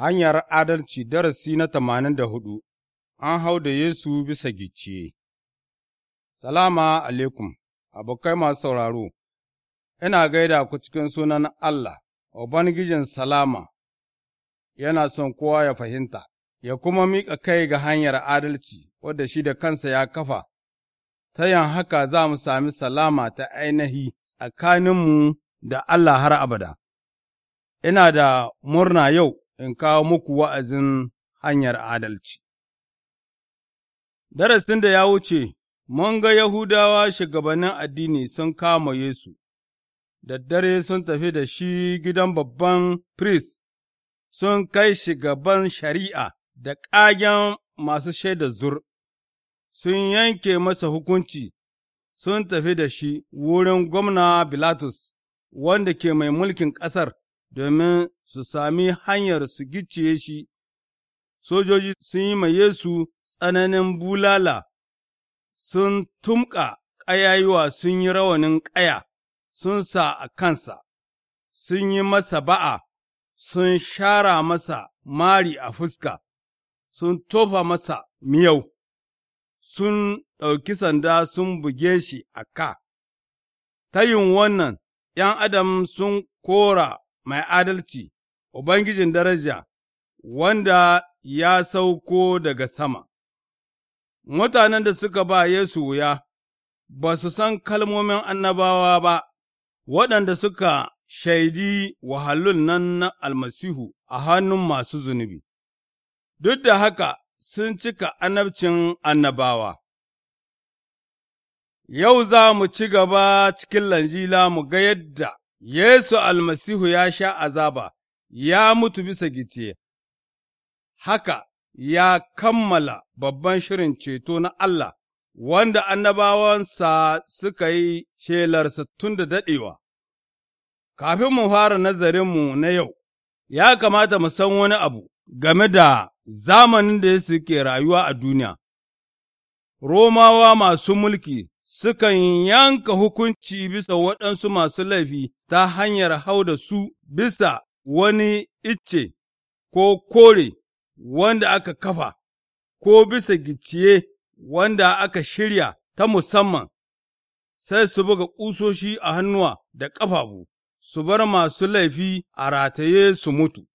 Hanyar adalci darasi na tamanin da hudu An hau da Yesu bisa gicciye. Salama alaikum, abokai masu sauraro, ina gaida ku cikin sunan Allah, Ubangijin Salama, yana son kowa ya fahimta, ya kuma miƙa kai ga hanyar adalci wadda shi da kansa ya kafa, ta yin haka za mu sami salama ta ainihi tsakaninmu da Allah har abada. Ina da murna yau in kawo muku wa'azin hanyar adalci. Darasin da ya wuce, mun ga Yahudawa shugabannin addini sun kama Yesu, da dare sun tafi da shi gidan babban firist, sun kai shi gaban shari'a da ƙagen masu shaida zur, sun yanke masa hukunci, sun tafi da shi wurin gwamna Bilatus, wanda ke mai mulkin ƙasar, domin su sami hanyar su gicciye shi, sojoji sun yi ma Yesu tsananin bulala, sun tumka ƙayayuwa sun yi rawanin ƙaya, sun sa a kansa, sun yi masa ba'a, sun shara masa mari a fuska, sun tofa masa miyau, sun ɗauki sanda sun buge shi a ka. Ta yin wannan, ’yan adam sun kora mai adalci Ubangijin daraja, wanda ya sauko daga sama. Mutanen da suka ba Yesu wuya ba su san kalmomin annabawa ba, waɗanda suka shaidi wahalun nan na almasihu a hannun masu zunubi, duk da haka sun cika annabcin annabawa. Yau za mu ci gaba cikin lanjila mu ga yadda Yesu almasihu ya sha azaba ya mutu bisa gice, haka ya kammala babban shirin ceto na Allah, wanda annabawansa suka yi shelarsa tun da daɗewa. Kafin mu fara nazarinmu na yau, ya kamata mu san wani abu game da zamanin da ya suke rayuwa a duniya. Romawa masu mulki sukan yanka hukunci bisa waɗansu masu laifi ta hanyar hau da su bisa wani icce ko kore wanda aka kafa, ko bisa giciye wanda aka shirya ta musamman, sai su buga ƙusoshi a hannuwa da ƙafafu, su bar masu laifi a rataye su mutu.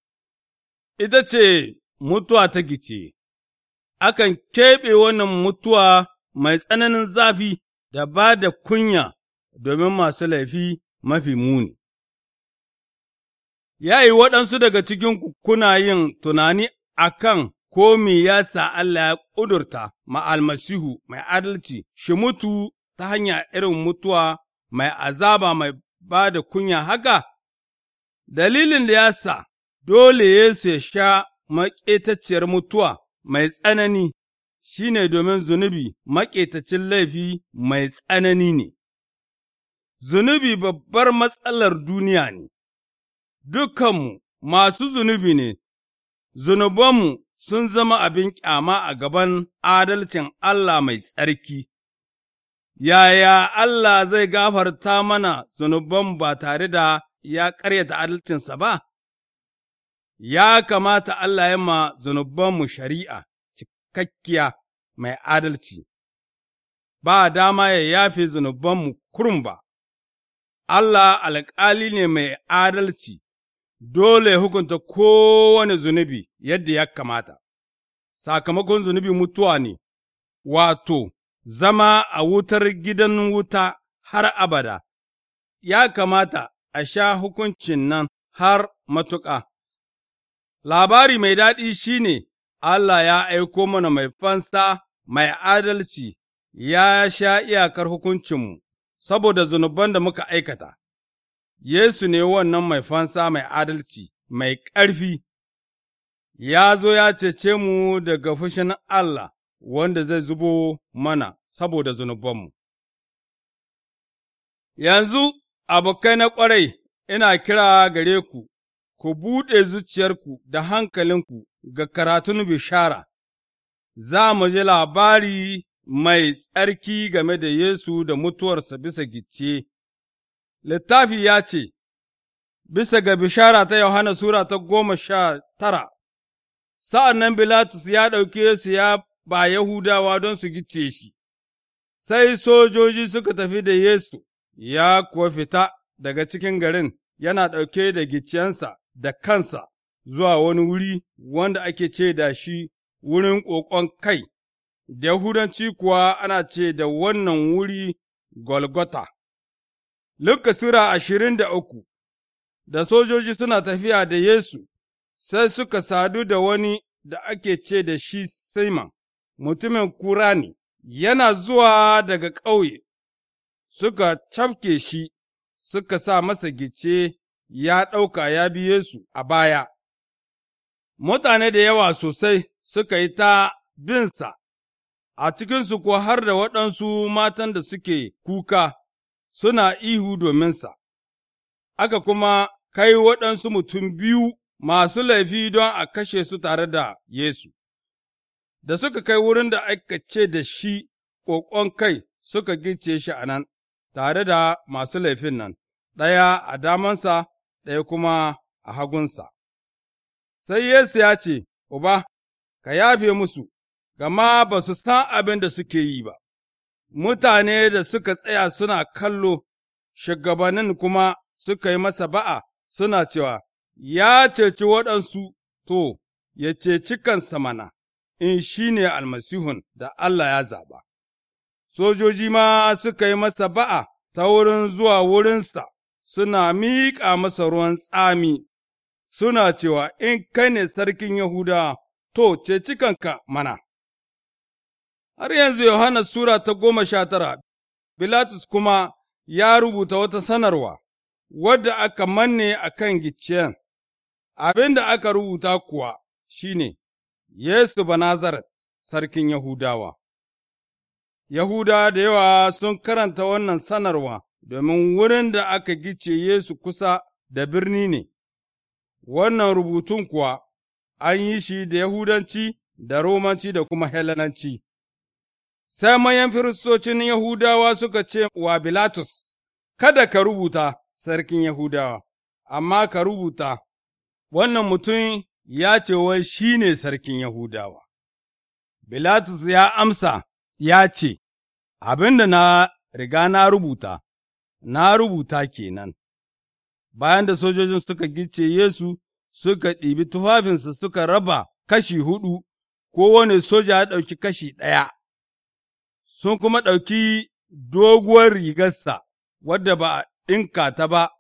Ita ce mutuwa ta gice, akan keɓe wannan mutuwa mai tsananin zafi da ba da kunya domin masu laifi mafi muni. ya yi waɗansu daga cikin kuna yin tunani a kan ko me ya sa Allah ya ƙudurta ma'almasihu mai adalci shi mutu ta hanya irin mutuwa mai azaba mai ba da kunya haka? Dalilin da ya sa dole Yesu ya sha maƙetacciyar mutuwa mai tsanani shi ne domin zunubi maƙetacin laifi mai tsanani ne. Zunubi babbar matsalar duniya ne, dukanmu masu zunubi ne, zunubanmu sun zama abin ƙyama a gaban adalcin Allah mai tsarki. Yaya Allah zai gafarta mana zunuban ba tare da ya ƙaryata adalcinsa ba? Ya kamata Allah ya ma zunubanmu shari'a cikakkiya mai adalci, ba dama ya yafe zunubanmu kurum ba, Allah alƙali ne mai adalci. dole ya hukunta kowane zunubi yadda ya kamata, sakamakon zunubi mutuwa ne, wato, zama a wutar gidan wuta har abada, ya kamata a sha hukuncin nan har matuƙa. Labari mai daɗi shi ne, Allah ya aiko mana mai fansa, mai adalci, ya sha iyakar hukuncinmu, saboda zunuban da muka aikata. Yesu ne wannan mai fansa mai adalci, mai ƙarfi, ya zo ya cece mu daga fushin Allah wanda zai zubo mana saboda zunubanmu. Yanzu, abokai na ƙwarai, ina kira gare ku, ku buɗe zuciyarku da hankalinku ga karatun bishara, za mu ji labari mai tsarki game da Yesu da mutuwarsa bisa gicce. littafi ya ce, Bisa ga bishara ta Yohana Sura ta goma sha tara, sa'an nan Bilatus ya ɗauke su ya ba Yahudawa don su gice shi, sai sojoji suka tafi da Yesu, ya kuwa fita daga cikin garin yana ɗauke da gicciyansa da kansa zuwa wani wuri wanda ake ce da shi wurin ƙoƙon kai, da Yahudanci kuwa ana ce da wannan wuri Golgota. Luka Sura ashirin da uku Da sojoji suna tafiya da Yesu, sai suka sadu da wani da ake ce da shi Saiman, mutumin kura yana zuwa daga ƙauye, suka cafke shi, suka sa masa gice ya ɗauka ya bi Yesu a baya. Mutane da yawa sosai suka yi ta binsa, a cikinsu ko har da waɗansu matan da suke kuka. suna ihu dominsa, aka kuma kai waɗansu mutum biyu masu laifi don a kashe su tare da Yesu, da suka kai wurin da aka ce da shi ƙoƙon kai suka gice shi a nan, tare da masu laifin nan, ɗaya a damansa, ɗaya kuma a hagunsa. Sai Yesu ya ce, Uba, ka yafe musu, gama ba su san abin da suke yi ba. mutane da suka tsaya suna kallo, shugabannin kuma suka yi masa ba'a suna cewa, Ya ceci waɗansu, to, ya ceci kansa mana, in shi ne almasihun da Allah ya zaɓa. Sojoji ma suka yi masa ba'a ta wurin zuwa wurinsa, suna miƙa masa ruwan tsami, suna cewa, In kai ne sarkin Yahuda, to, ceci kanka mana. Har yanzu Yohana Sura ta goma sha tara, Bilatus kuma ya rubuta wata sanarwa, wadda aka manne a kan gicciyen, abin da aka rubuta kuwa shi ne, Yesu Banazaret, sarkin Yahudawa. Yahuda da yawa sun karanta wannan sanarwa domin wurin da aka gice Yesu kusa da birni ne, wannan rubutun kuwa an yi shi da Yahudanci da Romanci da kuma Helenanci. sai mayan firistocin Yahudawa suka ce wa Bilatus, Kada ka rubuta sarkin Yahudawa, amma ka rubuta, wannan mutum ya ce wai shi ne sarkin Yahudawa. Bilatus ya amsa ya ce, Abin da na riga na rubuta, na rubuta kenan. Bayan da sojojin suka gice Yesu, suka ɗibi tufafinsa suka raba kashi hudu, kowane soja ya ɗauki kashi ɗaya. sun kuma ɗauki doguwar rigarsa, wadda ba a ɗinka ta ba,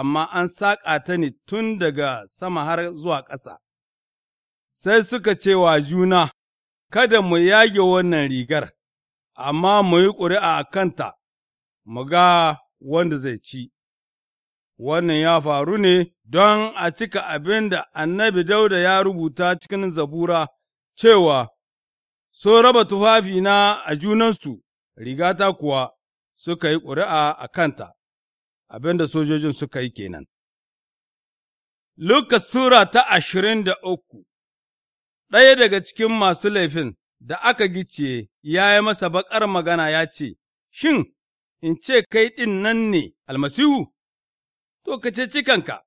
amma an saƙa ta ne tun daga sama har zuwa ƙasa. Sai suka ce wa juna, Kada mu yage wannan rigar, amma mu yi ƙuri'a a kanta, mu ga wanda zai ci. Wannan ya faru ne don a cika abin da annabi Dauda ya rubuta cikin zabura cewa sun raba tufafina a junansu, rigata kuwa suka yi ƙuri'a a kanta, abin sojojin suka yi kenan. Luka Sura ta ashirin da uku Ɗaya daga cikin masu laifin da aka gice ya yi masa baƙar magana ya ce, Shin, in ce kai ɗin nan ne almasihu? To, ka ceci kanka,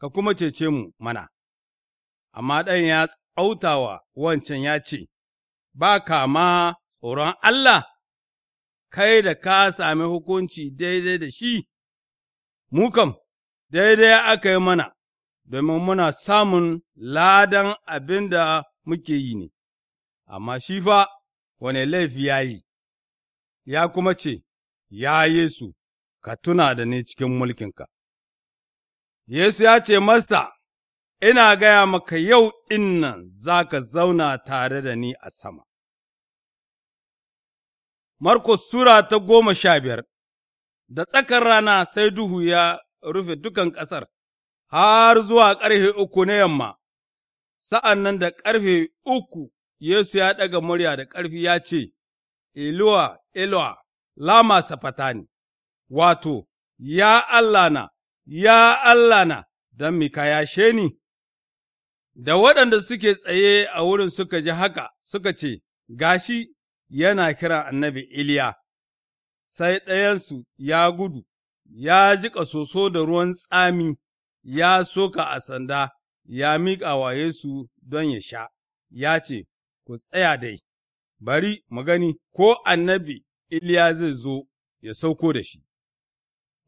ka kuma cece mu mana. Amma ɗan ya tsautawa wancan ya ce, ba kama tsoron Allah, kai da ka sami hukunci daidai da shi, mukam daidai aka yi mana, domin muna samun ladan abin da muke yi ne, amma shi fa wane laifi ya yi, ya kuma ce, Ya Yesu, ka tuna da ni cikin mulkinka. Yesu ya ce masa, Ina gaya maka yau innan za ka zauna tare da ni a sama. Markus Sura ta goma sha biyar Da tsakar rana sai duhu ya rufe dukan ƙasar, har zuwa ƙarfe uku na yamma, sa'an nan da ƙarfe uku Yesu ya ɗaga murya da ƙarfi ya ce, Eluwa, Eluwa, lama ne? wato, ya Allah na, ya Allah na, don mi ka yashe ni? Da waɗanda suke tsaye a wurin suka ji haka suka ce, Gashi, yana kira annabi Iliya, sai ɗayansu ya gudu, ya jiƙa soso da ruwan tsami, ya soka a sanda, ya miƙa wa Yesu don ya sha, ya ce, Ku tsaya dai, bari mu gani ko annabi Iliya zai zo ya sauko da shi.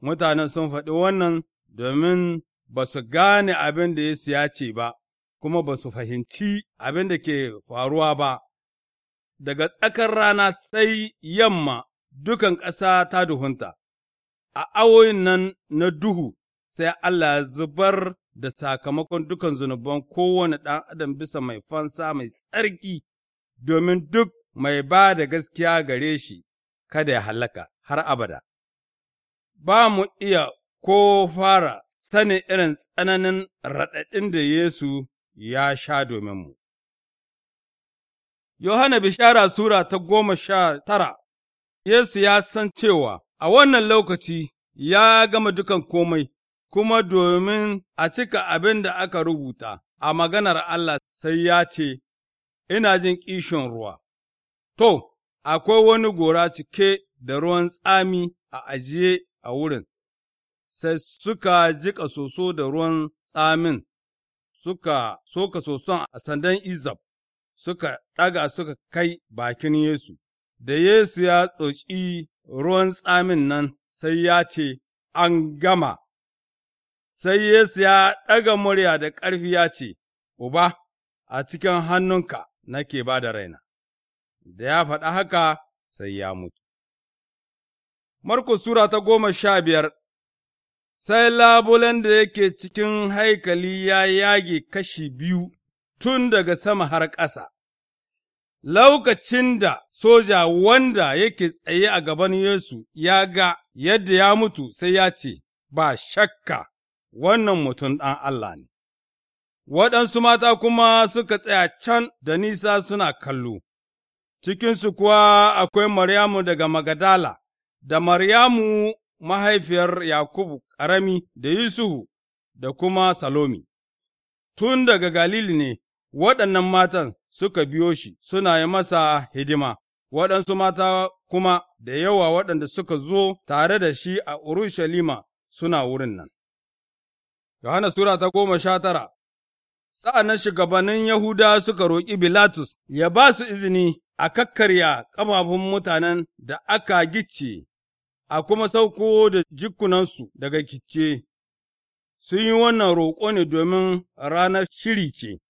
Mutanen sun faɗi wannan domin ba su gane abin da Yesu ya ce ba, kuma ba su fahimci abin da ke faruwa ba. daga tsakar rana sai yamma dukan ƙasa ta duhunta, a awoyin nan na duhu sai Allah ya zubar da sakamakon dukan zunuban kowane ɗan adam bisa mai fansa mai tsarki, domin duk mai ba da gaskiya gare shi kada ya halaka har abada. Ba mu iya ko fara sanin irin tsananin raɗaɗin da Yesu ya sha domin mu. Yohana Bishara Sura ta goma sha tara Yesu ya san cewa a wannan lokaci ya gama dukan komai, kuma domin a cika abin da aka rubuta a maganar Allah sai ya ce, Ina jin ƙishin ruwa. To, akwai wani gora cike da ruwan tsami a ajiye a wurin, sai suka jiƙa soso da ruwan tsamin, suka soka soson a sandan Izab. suka ɗaga suka kai bakin Yesu, da Yesu ya tsoci ruwan tsamin nan sai ya ce, An gama, sai Yesu ya ɗaga murya da ƙarfi ya ce, Uba, a cikin hannunka nake ba da raina, da ya faɗa haka sai ya mutu. Marko Sura ta goma sha biyar Sai labulen da yake cikin haikali ya yage kashi biyu tun daga sama har ƙasa. Lokacin da soja wanda yake tsaye a gaban Yesu ya ga yadda ya mutu sai ya ce, Ba shakka, wannan mutum ɗan Allah ne. Waɗansu mata kuma suka tsaya can da nisa suna kallo, cikinsu kuwa akwai Maryamu daga Magadala, da Maryamu mahaifiyar Yakubu ƙarami da Yusufu da kuma Salomi. Tun daga Galili ne waɗannan matan suka biyo shi suna yi masa hidima, waɗansu mata kuma da yawa waɗanda suka zo tare da shi a Urushalima suna wurin nan. Yohana Sura ta goma sha tara Sa'an nan shugabannin Yahuda suka roƙi Bilatus ya ba su izini a kakkarya ƙafafun mutanen da aka gicce, a kuma sauko da jikunansu daga kicce. Sun yi wannan roƙo ne domin ranar shiri ce.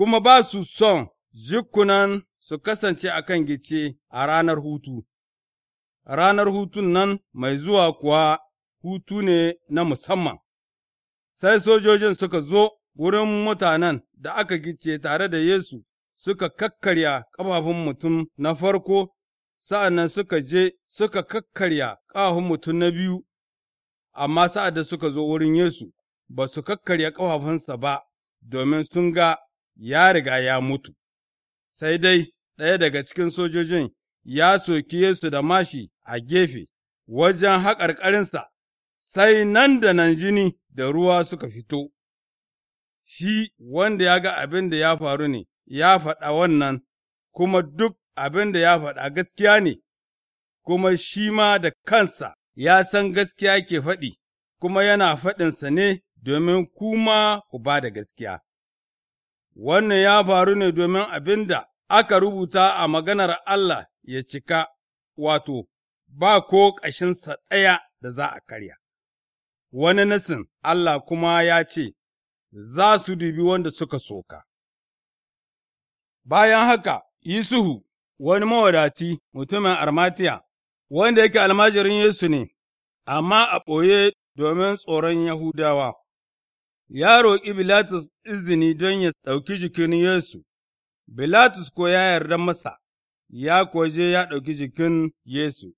kuma ba su son jikunan su kasance a kan gice a ranar hutu, ranar hutun nan mai zuwa kuwa hutu ne na musamman, sai sojojin suka zo wurin mutanen da aka gice tare da Yesu suka kakkarya ƙafafun mutum na farko, sa'an nan suka je suka kakkarya ƙafafun mutum na biyu, amma sa'ad da suka zo wurin Yesu ba su kakkarya ƙafafunsa ba, domin sun ga ya riga ya mutu, sai dai ɗaya daga cikin sojojin ya soki Yesu da mashi a gefe wajen haƙarƙarinsa, sai nan da nan jini da ruwa suka fito. Shi wanda ya ga abin da ya faru ne, ya faɗa wannan, kuma duk abin da ya faɗa gaskiya ne, kuma shi ma da kansa ya san gaskiya ke faɗi, kuma yana faɗinsa ne domin kuma ku ba da gaskiya. wannan ya faru ne domin abin da aka rubuta a maganar Allah ya cika, wato, ba ko ƙashinsa ɗaya da za a karya. Wani nasin Allah kuma ya ce, Za su dubi wanda suka soka. Bayan haka, Yusuhu, wani mawadaci mutumin Armatiya, wanda yake almajirin Yesu ne, amma a ɓoye domin tsoron Yahudawa, ya roƙi Bilatus izini don ya ɗauki jikin Yesu, Bilatus ko ya yarda masa, ya koje ya ɗauki jikin Yesu.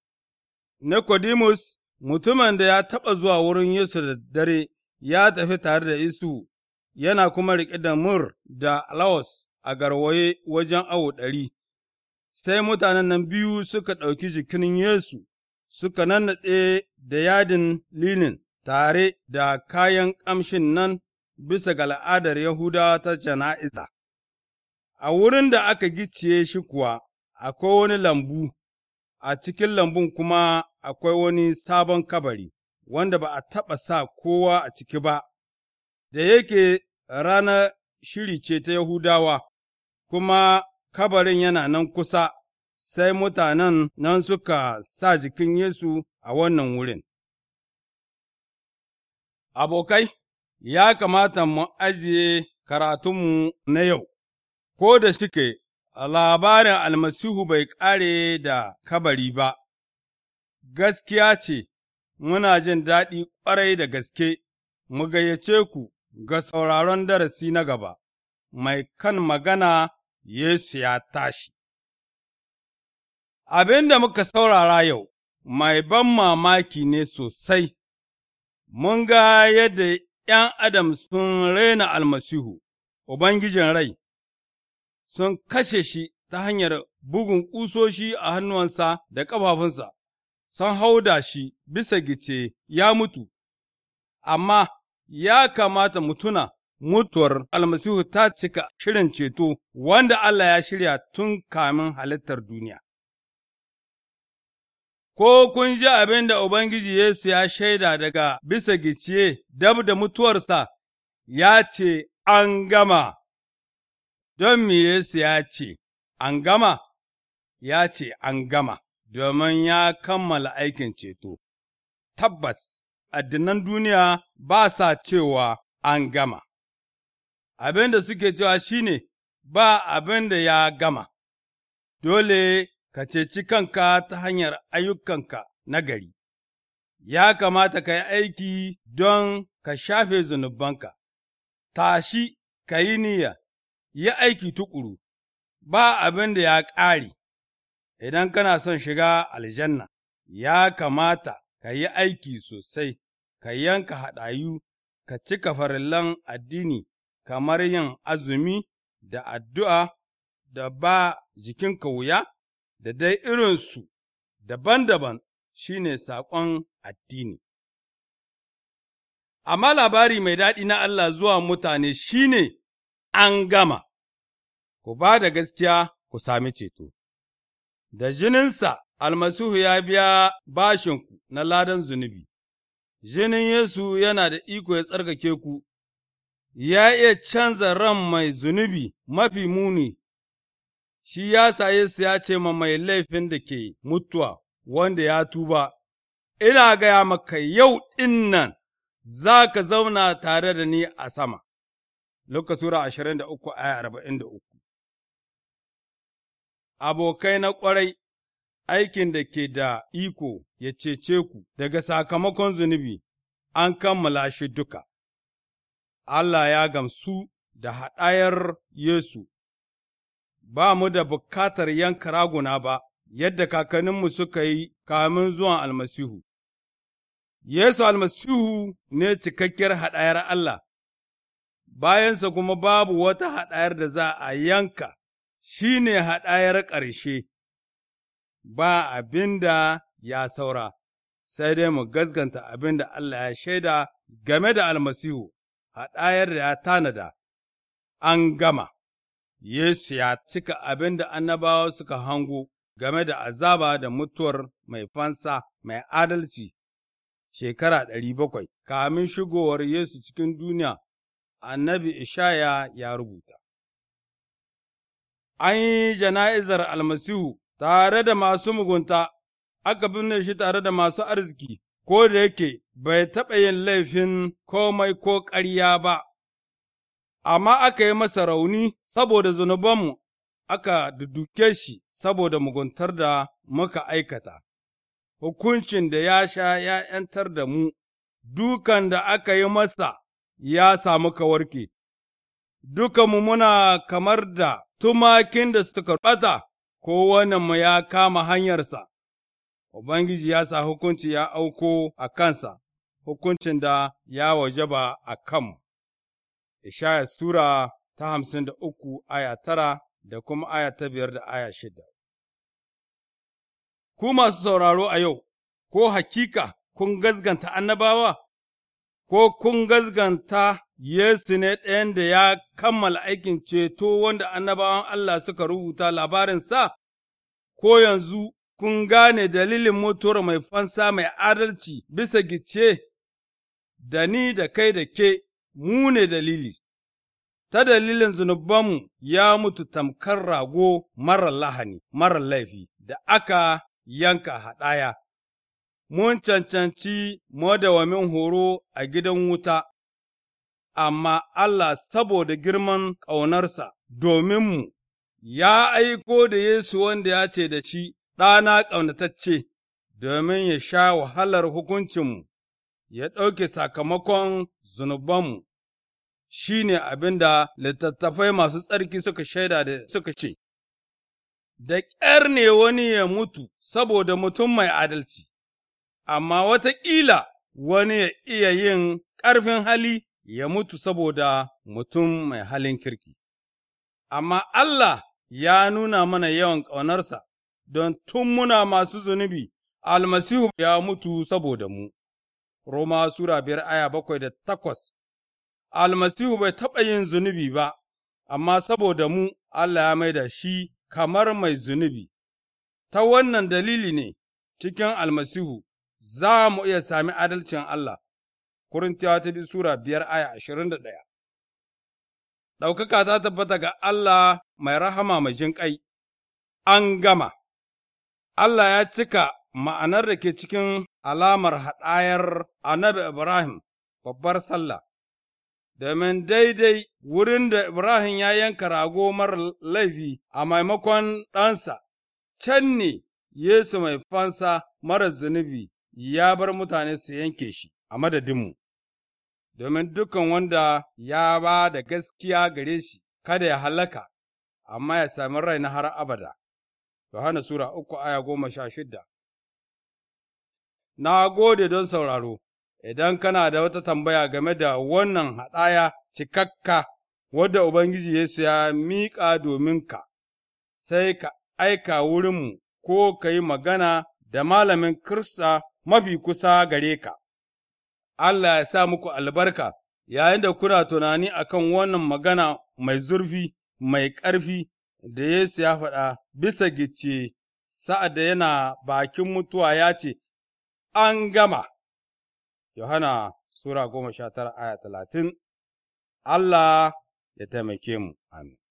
Nicodemus, mutumin da ya taɓa zuwa wurin Yesu da dare, ya tafi tare da Isu, yana kuma riƙe da mur da Laos a garwaye wajen awo ɗari. Sai mutanen nan biyu suka ɗauki jikin Yesu, suka nannaɗe da yadin linin, tare da kayan ƙamshin nan bisa ga al'adar Yahudawa ta jana'iza. A wurin da aka gicciye shi kuwa akwai wani lambu, a cikin lambun kuma akwai wani sabon kabari, wanda ba a taɓa sa kowa a ciki ba, da yake ranar shiri ce ta Yahudawa, kuma kabarin yana nan kusa, sai mutanen nan suka sa jikin Yesu a wannan wurin. Abokai, ya kamata mu ajiye karatunmu na yau, ko da suke labarin almasihu bai ƙare da kabari ba, gaskiya ce, muna jin daɗi ƙwarai da gaske, mu gayyace ku ga sauraron darasi na gaba, mai kan magana Yesu ya tashi. Abin da muka saurara yau, mai ban mamaki ne sosai. mun ga yadda ’yan Adam sun rena almasihu, Ubangijin rai, sun kashe shi ta hanyar bugun ƙusoshi a hannuwansa da ƙafafunsa, sun hau da shi bisa gice ya mutu, amma ya kamata mu tuna mutuwar almasihu ta cika shirin ceto wanda Allah ya shirya tun kamin halittar duniya. Ko kun ji abin da Ubangiji Yesu ya shaida daga bisa gicciye dab da mutuwarsa, ya ce, An gama, don me Yesu ya ce, An gama, ya ce, An gama, domin ya kammala aikin ceto. Tabbas, addinan duniya ba sa cewa an gama, abin da suke cewa shi ne, ba abin da ya gama, dole ka ceci kanka ta hanyar ayyukanka nagari, ya kamata ka yi aiki don ka shafe zunubanka, tashi ka yi niyya, yi aiki tuƙuru, ba abin da ya ƙare, idan kana son shiga aljanna, ya kamata ka yi aiki sosai, ka yanka haɗayu, ka cika farillan addini kamar yin azumi da addu'a da ba jikinka wuya. da dai irinsu daban-daban shi ne saƙon addini. Amma labari mai daɗi na Allah zuwa mutane shi ne an gama, ku ba da gaskiya ku sami ceto, da jininsa almasihu ya biya bashinku na ladan zunubi, jinin Yesu yana da iko ya tsarkake ku, ya iya canza ran mai zunubi mafi muni shi ya saye su ya ce ma mai laifin da ke mutuwa wanda ya tuba, ina gaya maka yau ɗin nan za ka zauna tare da ni a sama. Luka Sura ashirin da uku aya arba'in da uku Abokai na ƙwarai, aikin da ke da iko ya cece ku daga sakamakon zunubi, an kammala shi duka. Allah ya gamsu da haɗayar Yesu ba mu da bukatar yanka raguna ba, yadda kakanninmu suka yi kamin zuwan almasihu. Yesu almasihu ne cikakkiyar haɗayar Allah, bayansa kuma babu wata haɗayar da za a yanka, shi ne haɗayar ƙarshe, ba abin da ya saura, sai dai mu gaskanta abin da Allah ya shaida game da almasihu, haɗayar da ya tanada, an gama. Yesu ya cika abin da annabawa suka hango game da azaba da mutuwar mai fansa mai adalci shekara ɗari bakwai, kamin shigowar Yesu cikin duniya, annabi Ishaya ya rubuta. An yi jana'izar almasihu tare da masu mugunta, aka binne shi tare da masu arziki, ko da yake bai taɓa yin laifin komai ko ƙarya ba. amma aka yi masa rauni saboda zunubanmu, aka duduke shi saboda muguntar da muka aikata, hukuncin da ya sha ya ’yantar da mu, dukan da aka yi masa ya samu kawarki, dukanmu muna kamar da tumakin da suka ɓata, mu ya kama hanyarsa, Ubangiji ya sa hukunci ya auko a kansa, hukuncin da ya wajaba a kanmu. Ishaya Sura ta hamsin da uku aya tara da kuma aya ta biyar da aya shida. Ku masu sauraro a yau, ko hakika kun gazganta annabawa, ko kun gazganta Yesu ne ɗayan da ya kammala aikin ceto wanda annabawan Allah suka rubuta labarinsa, ko yanzu kun gane dalilin mutuwar mai fansa mai adalci bisa gice da ni da kai da ke mu ne dalili, ta dalilin zunubanmu ya mutu tamkar rago marar lahani, marar laifi, da aka yanka haɗaya. Mun cancanci madawamin horo a gidan wuta, amma Allah saboda girman ƙaunarsa mu, ya aiko da Yesu wanda ya ce da shi ɗana ƙaunatacce, domin ya sha wahalar hukuncinmu, ya ɗauke sakamakon zunubanmu, shi ne abin da littattafai masu tsarki suka shaida da suka ce, Da ƙyar ne wani ya mutu saboda mutum mai adalci, amma wataƙila wani ya iya yin ƙarfin hali ya mutu saboda mutum mai halin kirki. Amma Allah ya nuna mana yawan ƙaunarsa, don tun muna masu zunubi, almasihu ya mutu saboda mu. Roma Sura biyar aya bakwai da takwas, Almasihu bai taɓa yin zunubi ba, amma saboda mu Allah ya maida shi kamar mai zunubi, ta wannan dalili ne cikin Almasihu za mu iya sami adalcin Allah, Kurintiyawa ta bi Sura biyar aya ashirin da ɗaya. Ɗaukaka ta tabbata ga Allah mai rahama mai jinƙai, an gama, Allah ya cika ma'anar da ke cikin alamar haɗayar annabi Ibrahim, babbar sallah, domin daidai wurin da Ibrahim ya yanka rago mara laifi a maimakon ɗansa, can ne Yesu mai fansa mara zunubi ya bar mutane su yanke shi a madadinmu, domin dukan wanda ya ba da gaskiya gare shi kada ya halaka, amma ya sami rai na har abada. Yohana Sura uku aya goma sha shidda na gode don sauraro, idan kana da wata tambaya game da wannan haɗaya cikakka wadda Ubangiji Yesu ya miƙa domin ka, sai ka aika wurinmu ko ka yi magana da malamin Kirista mafi kusa gare ka. Allah ya sa muku albarka yayin da kuna tunani akan wannan magana mai zurfi, mai ƙarfi da Yesu ya faɗa bisa gice sa'ad da yana bakin mutuwa ya ce, an gama. Yohana Sura goma sha tara aya talatin, Allah ya taimake mu, amin.